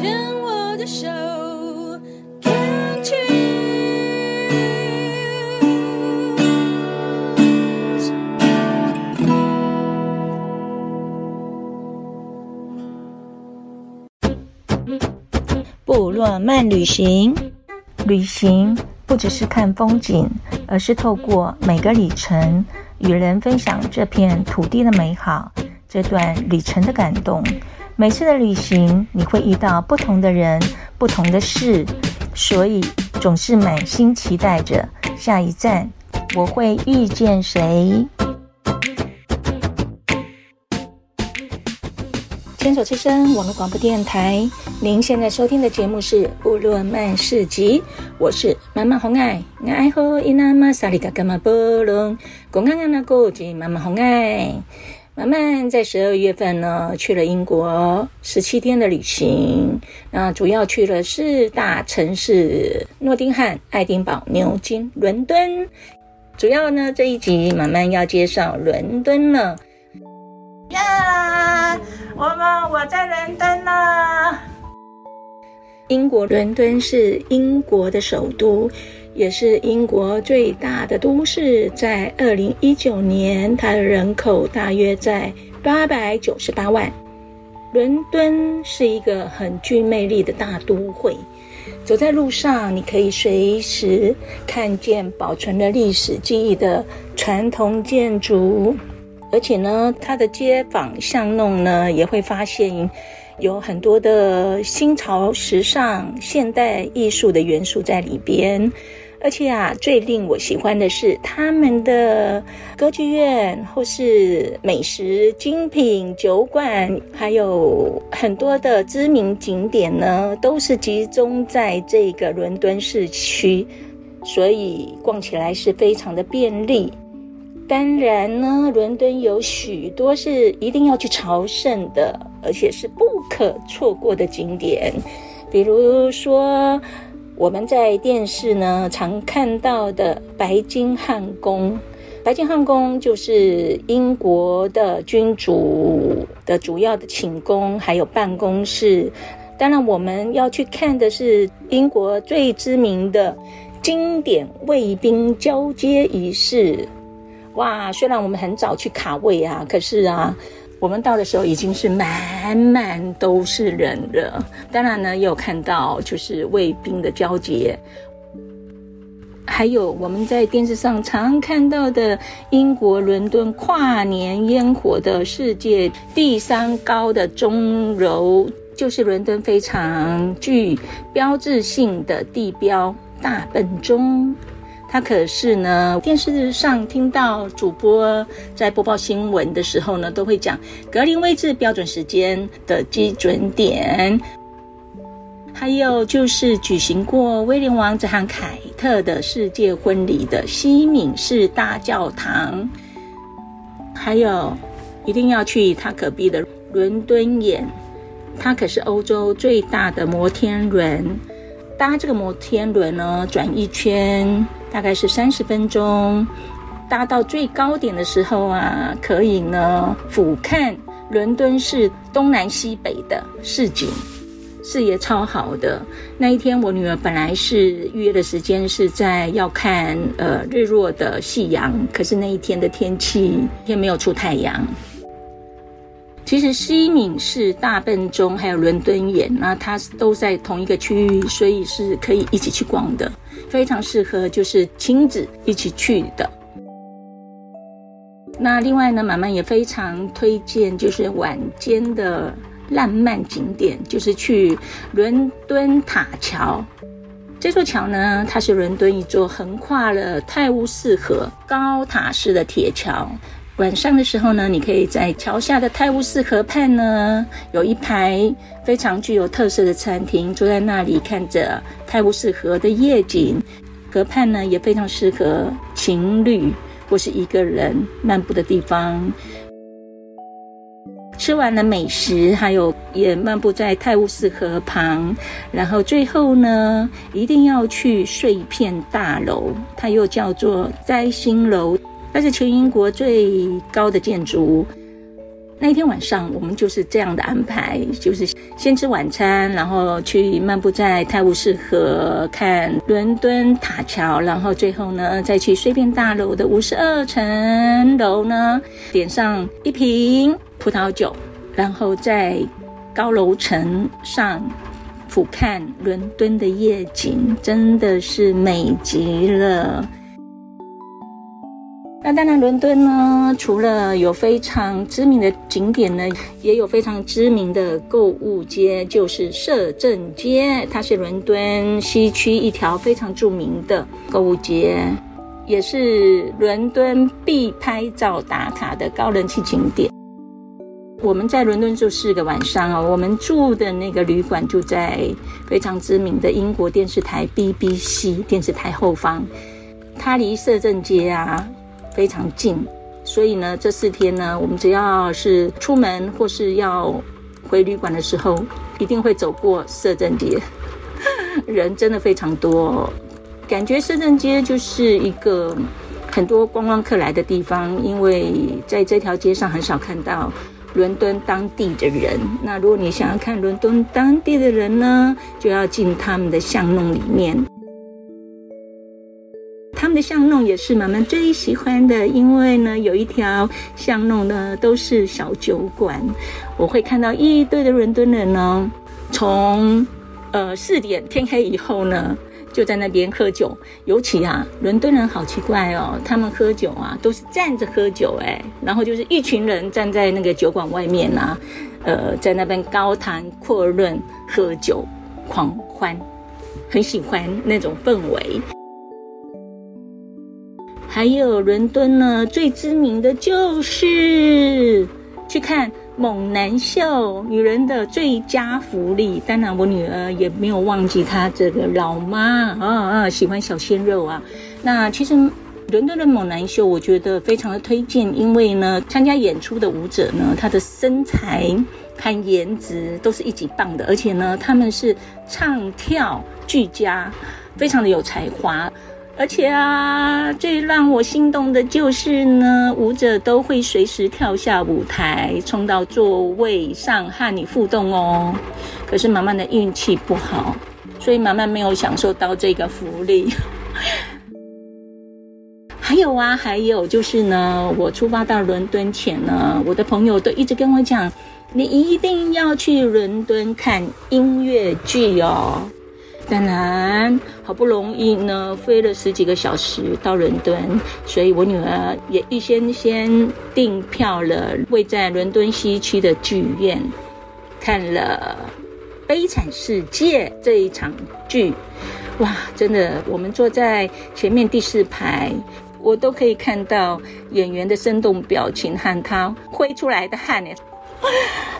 牽我的手，go 部落漫旅行，旅行不只是看風景，而是透過每個里程，與人分享這片土地的美好，這段旅程的感動。每次的旅行，你會遇到不同的人，不同的事，所以總是滿心期待着下一站，我會遇見誰？牽手之聲網絡廣播電臺，您現在收聽的節目是《部落漫市集》，我是馬漫紅愛。媽媽不紅馬漫在十二月份呢去了英國十七天的旅行，那主要去了四大城市：諾丁漢、愛丁堡、牛津、倫敦。主要呢這一集馬漫要介紹倫敦了。呀，yeah, 我們我在倫敦呢，英國倫敦是英國的首都。也是英國最大的都市，在二零一九年，它的人口大約在八百九十八萬。倫敦是一個很具魅力的大都會，走在路上，你可以隨時看見保存了歷史記憶的傳統建築，而且呢，它的街坊巷弄呢，也會發現有很多的新潮、時尚、現代藝術的元素在裡邊。而且啊，最令我喜歡的是他們的歌劇院、或是美食精品酒館，還有很多的知名景點呢，都是集中在這個倫敦市區，所以逛起來是非常的便利。當然呢，倫敦有許多是一定要去朝聖的，而且是不可錯過的景點，比如說，我們在電視呢常看到的白金漢宮，白金漢宮就是英國的君主的主要的寢宮，還有辦公室。當然，我們要去看的是英國最知名的經典衛兵交接儀式。哇，雖然我們很早去卡位啊，可是啊。我們到的時候已經是滿滿都是人了，當然呢，也有看到就是衛兵的交接，還有我們在電視上常看到的英國倫敦跨年煙火的世界第三高的鐘樓，就是倫敦非常具標誌性的地標大笨鐘。它可是呢，電視上聽到主播在播報新聞的時候呢，都會講格林威治標準時間的基準點。嗯，還有就是舉行過威廉王子和凱特的世界婚禮的西敏寺大教堂，還有一定要去它隔壁的倫敦眼。它可是歐洲最大的摩天輪，搭這個摩天輪呢，轉一圈。大概是三十分鐘，搭到最高點的時候啊，可以呢俯瞰倫敦市東南西北的市景，視野超好的。那一天我女兒本來是預約的時間是在要看呃日落的夕陽，可是那一天的天氣一天沒有出太陽。其實西敏寺、大笨鐘還有倫敦眼，那它都在同一個區域，所以是可以一起去逛的，非常適合就是親子一起去的。那另外呢，馬漫也非常推薦就是晚間的浪漫景點，就是去倫敦塔橋。這座橋呢，它是倫敦一座橫跨了泰晤士河高塔式的鐵橋。晚上的時候呢，你可以在橋下的泰晤士河畔呢，有一排非常具有特色的餐廳，坐在那裡看着泰晤士河的夜景，河畔呢也非常適合情侶或是一個人漫步的地方。吃完了美食，還有也漫步在泰晤士河旁，然後最後呢，一定要去碎片大樓，它又叫做摘星樓。它是全英國最高的建築。那一天晚上，我們就是這樣的安排：就是先吃晚餐，然後去漫步在泰晤士河，看倫敦塔橋，然後最後呢，再去碎片大樓的五十二層樓呢，點上一瓶葡萄酒，然後在高樓層上俯瞰倫敦的夜景，真的是美極了。那當然，倫敦呢，除了有非常知名的景點呢，也有非常知名的購物街，就是攝政街。它是倫敦西區一條非常著名的購物街，也是倫敦必拍照打卡的高人氣景點。我們在倫敦住四個晚上啊，我們住的那個旅館就在非常知名的英國電視台 BBC 電視台後方，它離攝政街啊。非常近，所以呢，這四天呢，我們只要是出門或是要回旅館的時候，一定會走過攝政街。人真的非常多，感覺攝政街就是一個很多觀光客來的地方，因為在這條街上很少看到倫敦當地的人。那如果你想要看倫敦當地的人呢，就要進他們的巷弄裡面。他們的巷弄也是馬漫最喜歡的，因為呢，有一條巷弄呢都是小酒館，我會看到一堆的倫敦人呢、哦，從呃四點天黑以後呢，就在那邊喝酒。尤其啊，倫敦人好奇怪哦，他們喝酒啊都是站着喝酒、欸，誒然後就是一群人站在那個酒館外面吶、啊，呃，在那邊高談闊論、喝酒狂歡，很喜歡那種氛圍。還有倫敦呢，最知名的就是去看猛男秀，女人的最佳福利。當然，我女兒也沒有忘記她這個老媽啊啊，喜歡小鮮肉啊。那其實倫敦的猛男秀，我覺得非常的推薦，因為呢，參加演出的舞者呢，他的身材和顏值都是一級棒的，而且呢，他們是唱跳俱佳，非常的有才華。而且啊，最讓我心動的就是呢，舞者都會隨時跳下舞台，衝到座位上和你互動哦。可是馬漫的運氣不好，所以馬漫沒有享受到這個福利。 還有啊，還有就是呢，我出發到倫敦前呢，我的朋友都一直跟我講，你一定要去倫敦看音樂劇哦。當然， 好不容易呢，飛了十幾個小時到倫敦，所以我女兒也預先先訂票了，位在倫敦西區的劇院看了《悲慘世界》這一場劇。哇，真的，我們坐在前面第四排，我都可以看到演員的生動表情和他揮出來的汗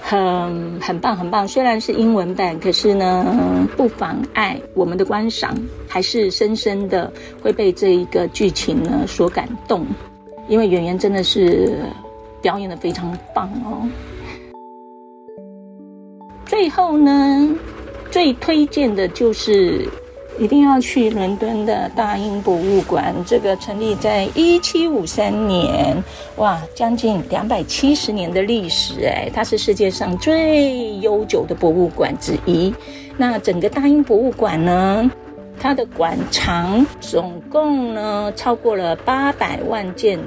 很、嗯、很棒很棒，雖然是英文版，可是呢，不妨礙我們的觀賞，還是深深的會被這一個劇情呢所感動，因為演員真的是表演的非常棒哦。最後呢，最推薦的就是。一定要去倫敦的大英博物館，這個成立在一七五三年，哇，將近兩百七十年的歷史，欸，誒，它是世界上最悠久的博物館之一。那整個大英博物館呢，它的館藏總共呢超過了八百萬件，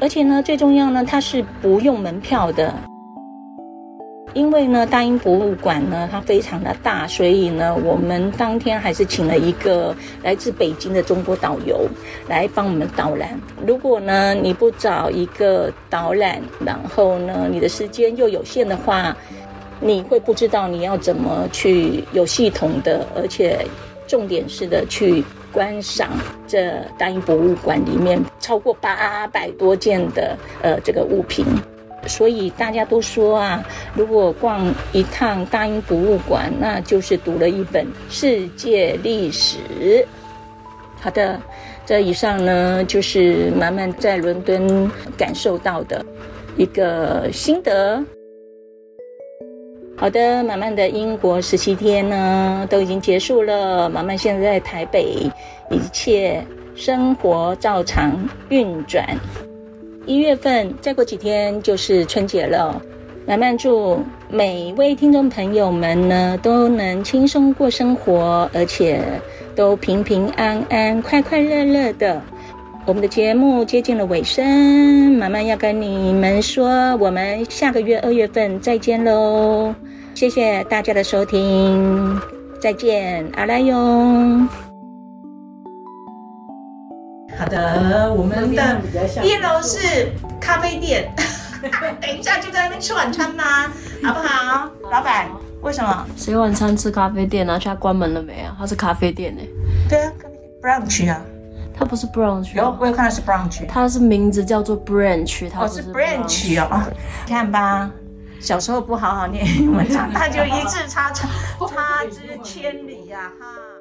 而且呢最重要呢，它是不用門票的。因為呢，大英博物館呢，它非常的大，所以呢，我們當天還是請了一個來自北京的中國導遊來幫我們導覽。如果呢，你不找一個導覽，然後呢，你的時間又有限的話，你會不知道你要怎麼去有系統的，而且重點是的去觀賞這大英博物館裡面超過八百多件的呃這個物品。所以大家都說啊，如果逛一趟大英博物館，那就是讀了一本世界歷史。好的，這以上呢就是馬漫在倫敦感受到的一個心得。好的，馬漫的英國十七天呢都已經結束了，馬漫現在在台北，一切生活照常運轉。一月份，再過幾天就是春節了。馬漫祝每位聽眾朋友們呢，都能輕鬆過生活，而且都平平安安、快快樂樂的。我們的節目接近了尾聲，馬漫要跟你們說，我們下個月二月份再見嘍。謝謝大家的收聽，再見，阿拉喲。等我們比較的一樓是咖啡店。 等一下就在那邊吃晚餐嗎？好不好， 老闆？為什麼？誰晚餐吃咖啡店啊？現在關門了沒啊？它是咖啡店呢、欸。對啊，咖啡店 brunch 啊。它不是 brunch。有，我有看到是 brunch，它是名字叫做 branch，它是 branch、oh, branch 哦。對看吧，嗯、小時候不好好念英文，那 就一字差差差之千里呀，啊！哈。